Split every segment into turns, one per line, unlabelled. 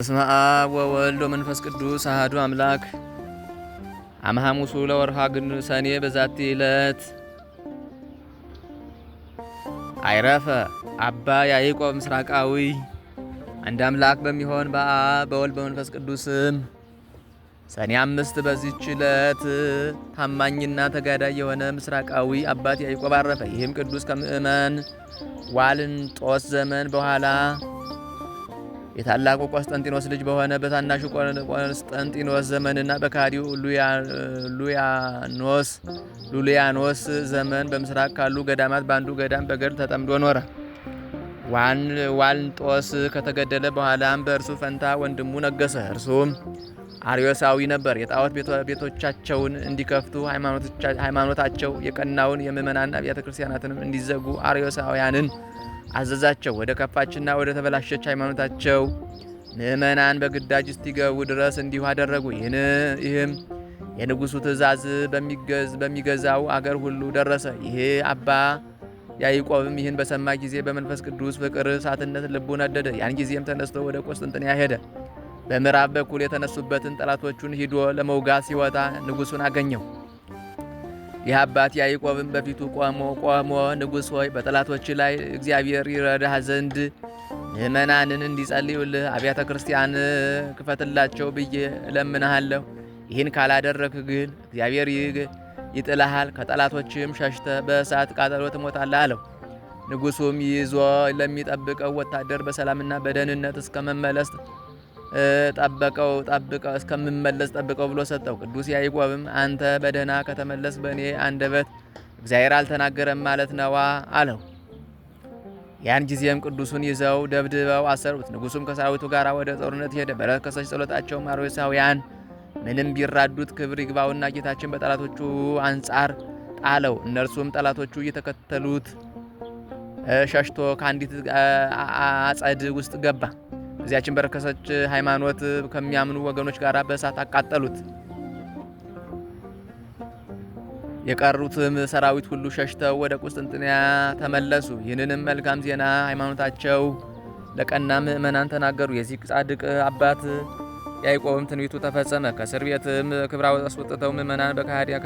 በስመ አብ ወወልድ ወመንፈስ ቅዱስ አህዱ አምላክ አመሐሙሱ ለወርሃ ግን ሰኔ በዛቲ ዕለት አይረፈ አባ ያዕቆብ ምስራቃዊ። አንድ አምላክ በሚሆን በአብ በወልድ በመንፈስ ቅዱስም ሰኔ አምስት በዚች ዕለት ታማኝና ተጋዳይ የሆነ ምስራቃዊ አባት ያዕቆብ አረፈ። ይህም ቅዱስ ከምዕመን ዋልንጦስ ዘመን በኋላ የታላቁ ቆስጠንጢኖስ ልጅ በሆነ በታናሹ ቆስጠንጢኖስ ዘመንና በካዲው ሉያኖስ ሉሊያኖስ ዘመን በምስራቅ ካሉ ገዳማት በአንዱ ገዳም በገድል ተጠምዶ ኖረ። ዋልንጦስ ከተገደለ በኋላም በእርሱ ፈንታ ወንድሙ ነገሰ። እርሱም አርዮሳዊ ነበር። የጣዖት ቤቶቻቸውን እንዲከፍቱ ሃይማኖታቸው የቀናውን የምእመናን አብያተ ክርስቲያናትንም እንዲዘጉ አርዮሳውያንን አዘዛቸው። ወደ ከፋችና ወደ ተበላሸች ሃይማኖታቸው ምእመናን በግዳጅ እስቲገቡ ድረስ እንዲሁ አደረጉ። ይህም የንጉሱ ትእዛዝ በሚገዛው አገር ሁሉ ደረሰ። ይህ አባ ያዕቆብም ይህን በሰማ ጊዜ በመንፈስ ቅዱስ ፍቅር እሳትነት ልቡ ነደደ። ያን ጊዜም ተነስቶ ወደ ቆስጥንጥንያ ሄደ። በምዕራብ በኩል የተነሱበትን ጠላቶቹን ሂዶ ለመውጋት ሲወጣ ንጉሱን አገኘው። ይህ አባት በፊቱ ቆሞ ቆሞ ንጉሥ ሆይ በጠላቶች ላይ እግዚአብሔር ይረዳህ ዘንድ ምእመናንን እንዲጸልዩልህ አብያተ ክርስቲያን ክፈትላቸው ብዬ እለምንሃለሁ። ይህን ካላደረግህ ግን እግዚአብሔር ይጥልሃል፣ ከጠላቶችም ሸሽተ በእሳት ቃጠሎ ትሞታለህ አለው። ንጉሱም ይዞ ለሚጠብቀው ወታደር በሰላምና በደህንነት እስከ መመለስ ጠበቀው ጠብቀው እስከምመለስ ጠብቀው ብሎ ሰጠው። ቅዱስ ያዕቆብም አንተ በደህና ከተመለስ በእኔ አንደበት እግዚአብሔር አልተናገረም ማለት ነዋ አለው። ያን ጊዜም ቅዱሱን ይዘው ደብድበው አሰሩት። ንጉሱም ከሰራዊቱ ጋር ወደ ጦርነት ሄደ። በረከሰች ጸሎታቸው አርዮሳውያን ምንም ቢራዱት ክብር ይግባውና ጌታችን በጠላቶቹ አንጻር ጣለው። እነርሱም ጠላቶቹ እየተከተሉት ሸሽቶ ከአንዲት አጸድ ውስጥ ገባ። እዚያችን በረከሰች ሃይማኖት ከሚያምኑ ወገኖች ጋር በእሳት አቃጠሉት። የቀሩትም ሰራዊት ሁሉ ሸሽተው ወደ ቁስጥንጥንያ ተመለሱ። ይህንንም መልካም ዜና ሃይማኖታቸው ለቀና ምእመናን ተናገሩ። የዚህ ጻድቅ አባት ያዕቆብም ትንቢቱ ተፈጸመ። ከእስር ቤትም ክብራ አስወጥተው ምእመናን በካህዲያ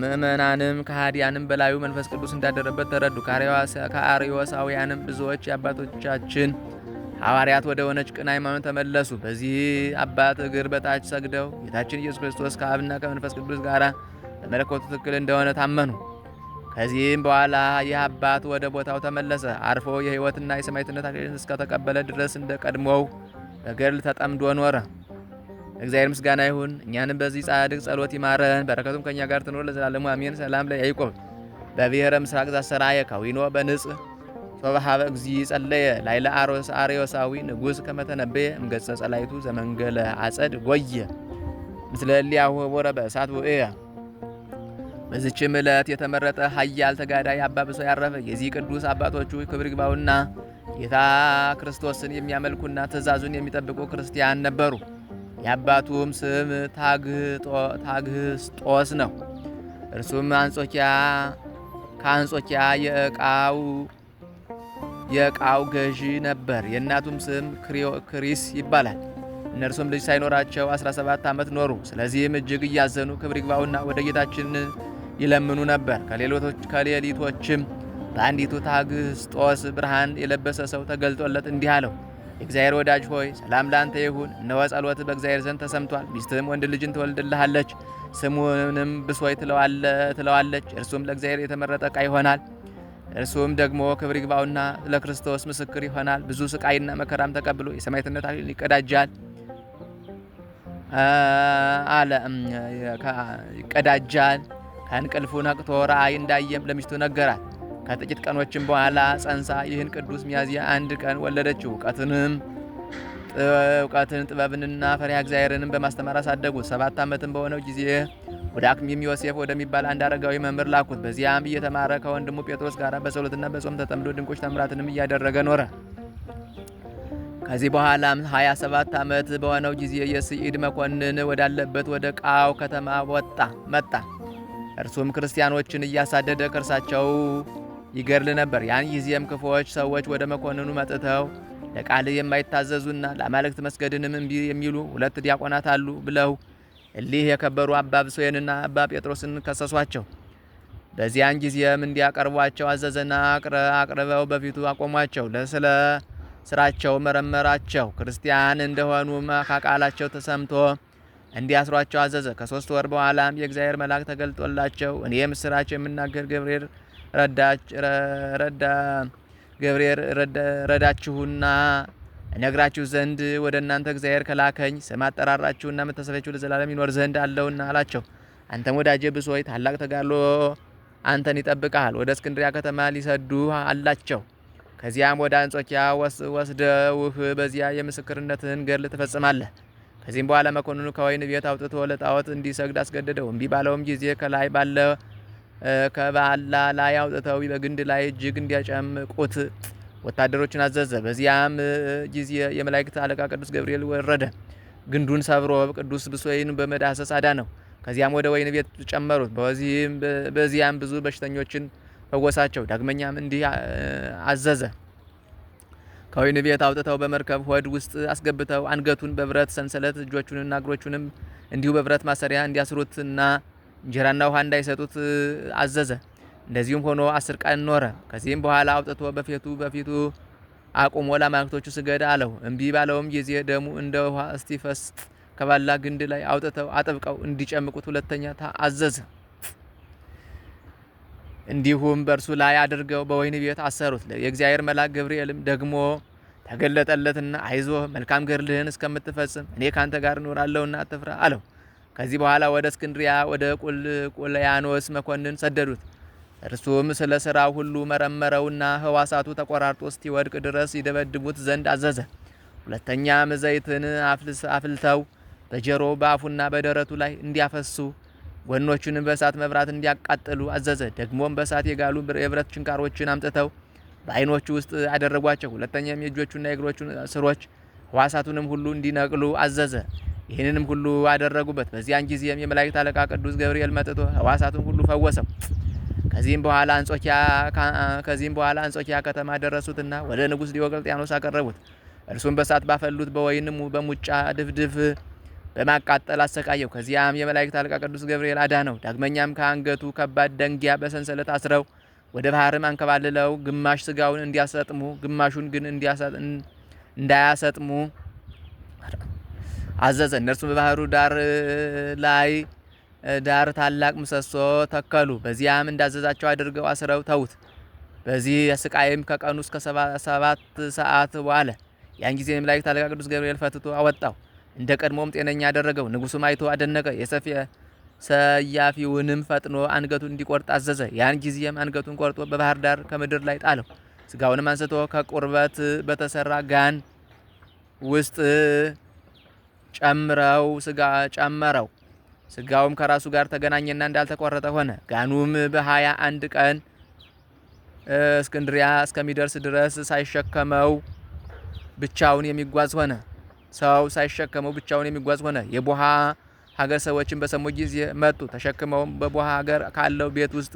ምእመናንም ከሃዲያንም በላዩ መንፈስ ቅዱስ እንዳደረበት ተረዱ። ከአርዮሳውያንም ብዙዎች የአባቶቻችን ሐዋርያት ወደ ሆነች ቅን ሃይማኖት ተመለሱ። በዚህ አባት እግር በታች ሰግደው ጌታችን ኢየሱስ ክርስቶስ ከአብና ከመንፈስ ቅዱስ ጋር በመለኮቱ ትክክል እንደሆነ ታመኑ። ከዚህም በኋላ ይህ አባት ወደ ቦታው ተመለሰ። አርፎ የሕይወትና የሰማዕትነት አክሊልን እስከተቀበለ ድረስ እንደ ቀድሞው በገድል ተጠምዶ ኖረ። እግዚአብሔር ምስጋና ይሁን። እኛንም በዚህ ጻድቅ ጸሎት ይማረን፣ በረከቱም ከእኛ ጋር ትኖር ለዘላለሙ አሜን። ሰላም ለያዕቆብ በብሔረ ምስራቅ ዘሰራየ ከዊኖ በንጽህ ሶብሃበ እግዚ ጸለየ ላይለ አሮስ አርዮሳዊ ንጉሥ ከመተነበየ እምገጸ ጸላይቱ ዘመንገለ አጸድ ጎየ ምስለ እሊያሁ ወረ በእሳት ውእየ። በዚችም ዕለት የተመረጠ ኃያል ተጋዳይ አባ ብሰው ያረፈ። የዚህ ቅዱስ አባቶቹ ክብር ይግባውና ጌታ ክርስቶስን የሚያመልኩና ትእዛዙን የሚጠብቁ ክርስቲያን ነበሩ። የአባቱም ስም ታግስጦስ ነው። እርሱም አንጾኪያ ከአንጾኪያ የዕቃው የዕቃው ገዢ ነበር። የእናቱም ስም ክሪስ ይባላል። እነርሱም ልጅ ሳይኖራቸው 17 ዓመት ኖሩ። ስለዚህም እጅግ እያዘኑ ክብር ይግባውና ወደ ጌታችን ይለምኑ ነበር። ከሌሊቶችም በአንዲቱ ታግስጦስ ብርሃን የለበሰ ሰው ተገልጦለት እንዲህ አለው፣ የእግዚአብሔር ወዳጅ ሆይ ሰላም ላንተ ይሁን። እነሆ ጸሎት በእግዚአብሔር ዘንድ ተሰምቷል። ሚስትህም ወንድ ልጅን ትወልድልሃለች፣ ስሙንም ብሶይ ትለዋለች። እርሱም ለእግዚአብሔር የተመረጠ ዕቃ ይሆናል። እርሱም ደግሞ ክብር ይግባውና ለክርስቶስ ምስክር ይሆናል። ብዙ ስቃይና መከራም ተቀብሎ የሰማዕትነት አክሊል ይቀዳጃል አለ ይቀዳጃል። ከእንቅልፉ ነቅቶ ራእይ እንዳየም ለሚስቱ ነገራት። ከጥቂት ቀኖችም በኋላ ጸንሳ ይህን ቅዱስ ሚያዝያ አንድ ቀን ወለደችው። እውቀትንም እውቀትን ጥበብንና ፈሪሃ እግዚአብሔርንም በማስተማር አሳደጉት። ሰባት ዓመትም በሆነው ጊዜ ወደ አክሚም ዮሴፍ ወደሚባል አንድ አረጋዊ መምህር ላኩት። በዚያም እየተማረ ከወንድሙ ጴጥሮስ ጋር በጸሎትና በጾም ተጠምዶ ድንቆች ተምራትንም እያደረገ ኖረ። ከዚህ በኋላም 27 ዓመት በሆነው ጊዜ የስኢድ መኮንን ወዳለበት ወደ ቃው ከተማ ወጣ መጣ። እርሱም ክርስቲያኖችን እያሳደደ ከእርሳቸው ይገድል ነበር። ያን ጊዜም ክፉዎች ሰዎች ወደ መኮንኑ መጥተው ለቃል የማይታዘዙና ለአማልክት መስገድንም እምቢ የሚሉ ሁለት ዲያቆናት አሉ ብለው እሊህ የከበሩ አባ ብሶዬንና አባ ጴጥሮስን ከሰሷቸው። በዚያን ጊዜም እንዲያቀርቧቸው አዘዘና አቅርበው በፊቱ አቆሟቸው። ለስለ ስራቸው መረመራቸው። ክርስቲያን እንደሆኑ ከቃላቸው ተሰምቶ እንዲያስሯቸው አዘዘ። ከሶስት ወር በኋላም የእግዚአብሔር መልአክ ተገልጦላቸው እኔ ምስራቸው የምናገር ገብርኤል ረዳ ገብርኤል ረዳችሁና እነግራችሁ ዘንድ ወደ እናንተ እግዚአብሔር ከላከኝ ስም አጠራራችሁና መታሰቢያችሁ ለዘላለም ይኖር ዘንድ አለውና አላቸው። አንተም ወዳጄ ብሶይ ታላቅ ተጋድሎ አንተን ይጠብቃል። ወደ እስክንድሪያ ከተማ ሊሰዱ አላቸው። ከዚያም ወደ አንጾኪያ ወስደውህ በዚያ የምስክርነትህን ገድል ትፈጽማለህ። ከዚህም በኋላ መኮንኑ ከወይን ቤት አውጥቶ ለጣዖት እንዲሰግድ አስገደደው። እምቢ ባለውም ጊዜ ከላይ ባለ ከባላ ላይ አውጥተው በግንድ ላይ እጅግ እንዲያጨምቁት ወታደሮችን አዘዘ። በዚያም ጊዜ የመላእክት አለቃ ቅዱስ ገብርኤል ወረደ፣ ግንዱን ሰብሮ ቅዱስ ብሶይን በመዳሰስ አዳነው። ከዚያም ወደ ወይን ቤት ጨመሩት። በዚያም ብዙ በሽተኞችን ፈወሳቸው። ዳግመኛም እንዲህ አዘዘ። ከወይን ቤት አውጥተው በመርከብ ሆድ ውስጥ አስገብተው አንገቱን በብረት ሰንሰለት እጆቹንና እግሮቹንም እንዲሁ በብረት ማሰሪያ እንዲያስሩትና እንጀራና ውሃ እንዳይሰጡት አዘዘ። እንደዚሁም ሆኖ አስር ቀን ኖረ። ከዚህም በኋላ አውጥቶ በፊቱ በፊቱ አቁሞ ለአማልክቶቹ ስገድ አለው። እምቢ ባለውም ጊዜ ደሙ እንደ ውሃ እስቲፈስ ከባላ ግንድ ላይ አውጥተው አጥብቀው እንዲጨምቁት ሁለተኛ አዘዘ። እንዲሁም በእርሱ ላይ አድርገው በወይን ቤት አሰሩት። የእግዚአብሔር መልአክ ገብርኤልም ደግሞ ተገለጠለትና አይዞ መልካም ገድልህን እስከምትፈጽም እኔ ካንተ ጋር እኖራለሁና አትፍራ አለው። ከዚህ በኋላ ወደ እስክንድሪያ ወደ ቁልቁልያኖስ መኮንን ሰደዱት። እርሱም ስለ ስራ ሁሉ መረመረውና ህዋሳቱ ተቆራርጦ እስኪወድቅ ድረስ ይደበድቡት ዘንድ አዘዘ። ሁለተኛም ዘይትን አፍልተው በጀሮ በአፉና በደረቱ ላይ እንዲያፈሱ ጎኖቹንም በእሳት መብራት እንዲያቃጥሉ አዘዘ። ደግሞም በእሳት የጋሉ የብረት ችንካሮችን አምጥተው በአይኖቹ ውስጥ አደረጓቸው። ሁለተኛም የእጆቹና የእግሮቹን ስሮች ህዋሳቱንም ሁሉ እንዲነቅሉ አዘዘ። ይህንንም ሁሉ አደረጉበት። በዚያን ጊዜም የመላእክት አለቃ ቅዱስ ገብርኤል መጥቶ ህዋሳቱን ሁሉ ፈወሰው። ከዚህም በኋላ አንጾኪያ ከዚህም በኋላ አንጾኪያ ከተማ ደረሱትና ወደ ንጉስ ዲዮቅልጥያኖስ አቀረቡት። እርሱም በሳት ባፈሉት በወይንም በሙጫ ድፍድፍ በማቃጠል አሰቃየው። ከዚያም የመላእክት አለቃ ቅዱስ ገብርኤል አዳነው። ዳግመኛም ከአንገቱ ከባድ ደንጊያ በሰንሰለት አስረው ወደ ባህርም አንከባልለው ግማሽ ስጋውን እንዲያሰጥሙ ግማሹን ግን እንዳያሰጥሙ አዘዘ። እነርሱም በባህሩ ዳር ላይ ዳር ታላቅ ምሰሶ ተከሉ። በዚያም እንዳዘዛቸው አድርገው አስረው ተዉት። በዚህ ስቃይም ከቀኑ እስከ ሰባት ሰዓት ዋለ። ያን ጊዜ መላእክት አለቃ ቅዱስ ገብርኤል ፈትቶ አወጣው፣ እንደ ቀድሞም ጤነኛ አደረገው። ንጉሱም አይቶ አደነቀ። የሰፊ ሰያፊውንም ፈጥኖ አንገቱን እንዲቆርጥ አዘዘ። ያን ጊዜም አንገቱን ቆርጦ በባህር ዳር ከምድር ላይ ጣለው። ስጋውንም አንስቶ ከቁርበት በተሰራ ጋን ውስጥ ጨምረው ስጋ ጨመረው። ስጋውም ከራሱ ጋር ተገናኘና እንዳልተቆረጠ ሆነ። ጋኑም በሀያ አንድ ቀን እስክንድሪያ እስከሚደርስ ድረስ ሳይሸከመው ብቻውን የሚጓዝ ሆነ። ሰው ሳይሸከመው ብቻውን የሚጓዝ ሆነ። የቦሃ ሀገር ሰዎችን በሰሙ ጊዜ መጡ። ተሸክመውም በቦሃ ሀገር ካለው ቤት ውስጥ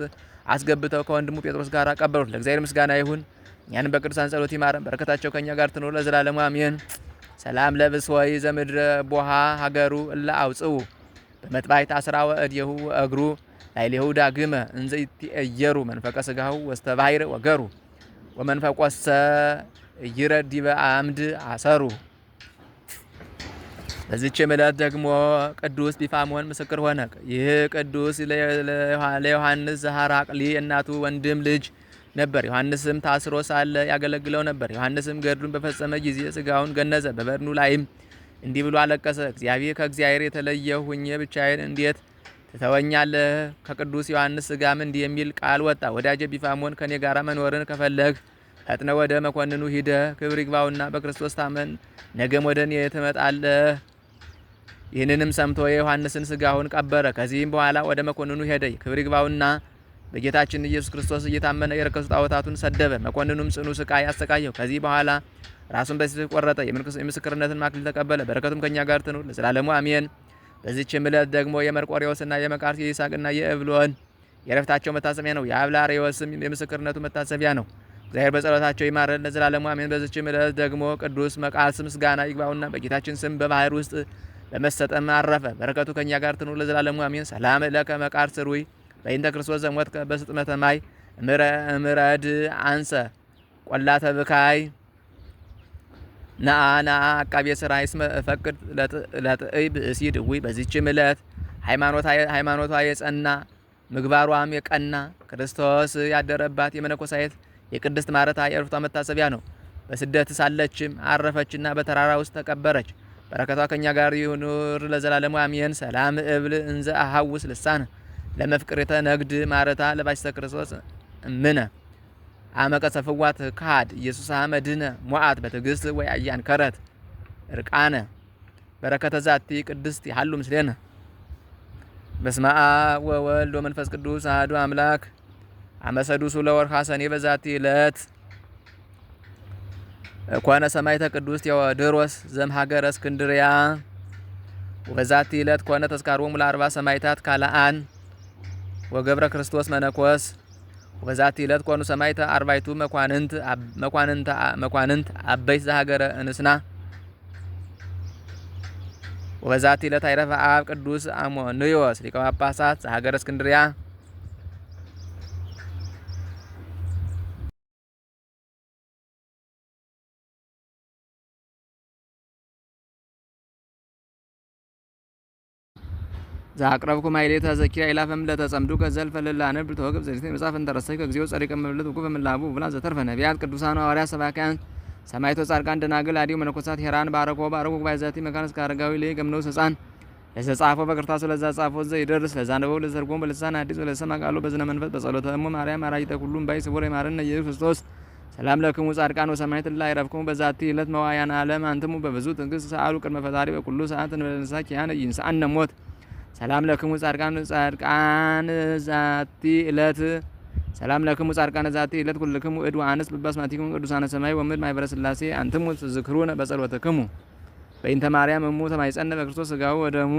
አስገብተው ከወንድሙ ጴጥሮስ ጋር ቀበሩት። ለእግዚአብሔር ምስጋና ይሁን፣ እኛንም በቅዱሳን ጸሎት ይማረን፣ በረከታቸው ከእኛ ጋር ትኖር ለዘላለሙ አሜን። ሰላም ለብስ ወይ ዘምድረ ቦሃ ሀገሩ እለ አውጽው መጥባይት አስራ እዲሁ እግሩ ላዕሌሁ ዳግመ እንዘ ይትእየሩ መንፈቀ ስጋሁ ወስተ ባሕር ወገሩ ወመንፈቆሰ ይረድ ዲበ አምድ አሰሩ። በዚች ዕለት ደግሞ ቅዱስ ቢፋሞን ምስክር ሆነ። ይህ ቅዱስ ለዮሐንስ ዘሐራቅሊ እናቱ ወንድም ልጅ ነበር። ዮሐንስም ታስሮ ሳለ ያገለግለው ነበር። ዮሐንስም ገድሉን በፈጸመ ጊዜ ስጋውን ገነዘ። በበድኑ ላይም እንዲህ ብሎ አለቀሰ። እግዚአብሔር ከእግዚአብሔር የተለየ ሁኜ ብቻዬን እንዴት ትተወኛለህ? ከቅዱስ ዮሐንስ ስጋም እንዲህ የሚል ቃል ወጣ። ወዳጄ ቢፋሞን ከእኔ ጋር መኖርን ከፈለግ ፈጥነ ወደ መኮንኑ ሂደ። ክብር ይግባውና በክርስቶስ ታመን፣ ነገም ወደ እኔ ትመጣለህ። ይህንንም ሰምቶ የዮሐንስን ስጋውን ቀበረ። ከዚህም በኋላ ወደ መኮንኑ ሄደ። ክብር ይግባውና በጌታችን ኢየሱስ ክርስቶስ እየታመነ የረከሱ ጣዖታቱን ሰደበ። መኮንኑም ጽኑ ስቃይ አሰቃየው። ከዚህ በኋላ ራሱን በሴቶች ቆረጠ። የምስክርነትን ማክሊል ተቀበለ። በረከቱም ከኛ ጋር ትኑር ለዘላለሙ አሜን። በዚች ዕለት ደግሞ የመርቆሬዎስና የመቃርስ የይስሐቅና የእብሎን የረፍታቸው መታሰቢያ ነው። የአብላሬዎስም የምስክርነቱ መታሰቢያ ነው። እግዚአብሔር በጸሎታቸው ይማረን ለዘላለሙ አሜን። በዚች ዕለት ደግሞ ቅዱስ መቃርስ ምስጋና ይግባውና በጌታችን ስም በባህር ውስጥ በመሰጠም አረፈ። በረከቱ ከኛ ጋር ትኑር ለዘላለሙ አሜን። ሰላም ለከ መቃርስ ሩይ በእንተ ክርስቶስ ዘሞት በስጥመተ ማይ ምረድ አንሰ ቆላተ ብካይ ነአ ነአ አቃቤ ስራ ስመ እፈቅድ ለጥይ ብእሲ ድውይ። በዚችም ዕለት ሃይማኖቷ የጸና ምግባሯም የቀና ክርስቶስ ያደረባት የመነኮሳየት የቅድስት ማረታ የእርፍቷ መታሰቢያ ነው። በስደት ሳለችም አረፈችና በተራራ ውስጥ ተቀበረች። በረከቷ ከእኛ ጋር ይኑር ለዘላለሙ አሜን። ሰላም እብል እንዘ አሐውስ ልሳነ ለመፍቅሬተ ነግድ ማረታ ለባሲተ ክርስቶስ ምነ አመቀሰ ፍዋት ካድ ኢየሱስ አመድነ ሞዓት በትዕግስት ወይ አያን ከረት እርቃነ በረከተ ዛቲ ቅድስት ሀሉ ምስሌነ በስመ አብ ወወልድ ወመንፈስ ቅዱስ አሐዱ አምላክ አመሰዱሱ ሰዱሱ ለወርኃ ሰኔ በዛቲ ዕለት ኮነ ሰማዕተ ቅዱስ ቴዎድሮስ ዘእምሀገረ እስክንድርያ ወበዛቲ ዕለት ኮነ ተስካሮሙ ለአርባ ሰማይታት ካልአን ወገብረ ክርስቶስ መነኮስ ወዛቲ ዕለት ኮኑ ሰማዕተ አርባይቱ መኳንንት መኳንንት አበይት ዘሀገረ እንስና ወበዛቲ ዕለት አይረፈ አብ ቅዱስ አሞንዮስ ሊቀ ጳጳሳት ዘሀገረ እስክንድሪያ
ዛቅረብኩ ማይሌተ ዘኪራ ኢላፈም ለተጸምዱ ከዘልፈ ነብ ተወግብ ዘዚህ መጻፍ እንተረሰይ ከግዚኦ ጸሪቀ መብለት ወቁ በምላቡ ብላ ዘተርፈ ነቢያት ቅዱሳን ሐዋርያ ሰባካያን ሰማይቶ ጻድቃን ደናግል አዲው መነኮሳት ሄራን ባረኮ ባረኮ ባይ ዘቲ መካነ ስካረጋዊ ላይ ገምነው ሰጻን ለዘጻፎ በቅርታሱ ለዛ ጻፎ ዘ ይደርስ ነበው ለዘርጎም በልሳን አዲስ ለሰማ ቃሉ በዝነ መንፈስ በጸሎተ እሙ ማርያም አራጅ ተኩሉም ባይ ስቡረ ማረነ ኢየሱስ ክርስቶስ ሰላም ለክሙ ጻድቃን ወሰማይት ላይ ረፍኩም በዛቲ ዕለት መዋያን ዓለም አንትሙ በብዙ ትንግስ ሰአሉ ቅድመ ፈጣሪ በኩሉ ሰዓት እንበለንሳ ኪያን ይንሳአነ ሞት ሰላም ለክሙ ጻድቃን ጻድቃን ዛቲ እለት ሰላም ለክሙ ጻድቃን ዛቲ እለት ኩልክሙ እድ አንስ በስማቲክሙ ቅዱሳነ ሰማይ ወምድ ማይበረ ስላሴ አንትሙ ትዝክሩነ በጸሎትክሙ በእንተ ማርያም እሙ ተማይጸነ በክርስቶስ ስጋው ወደሙ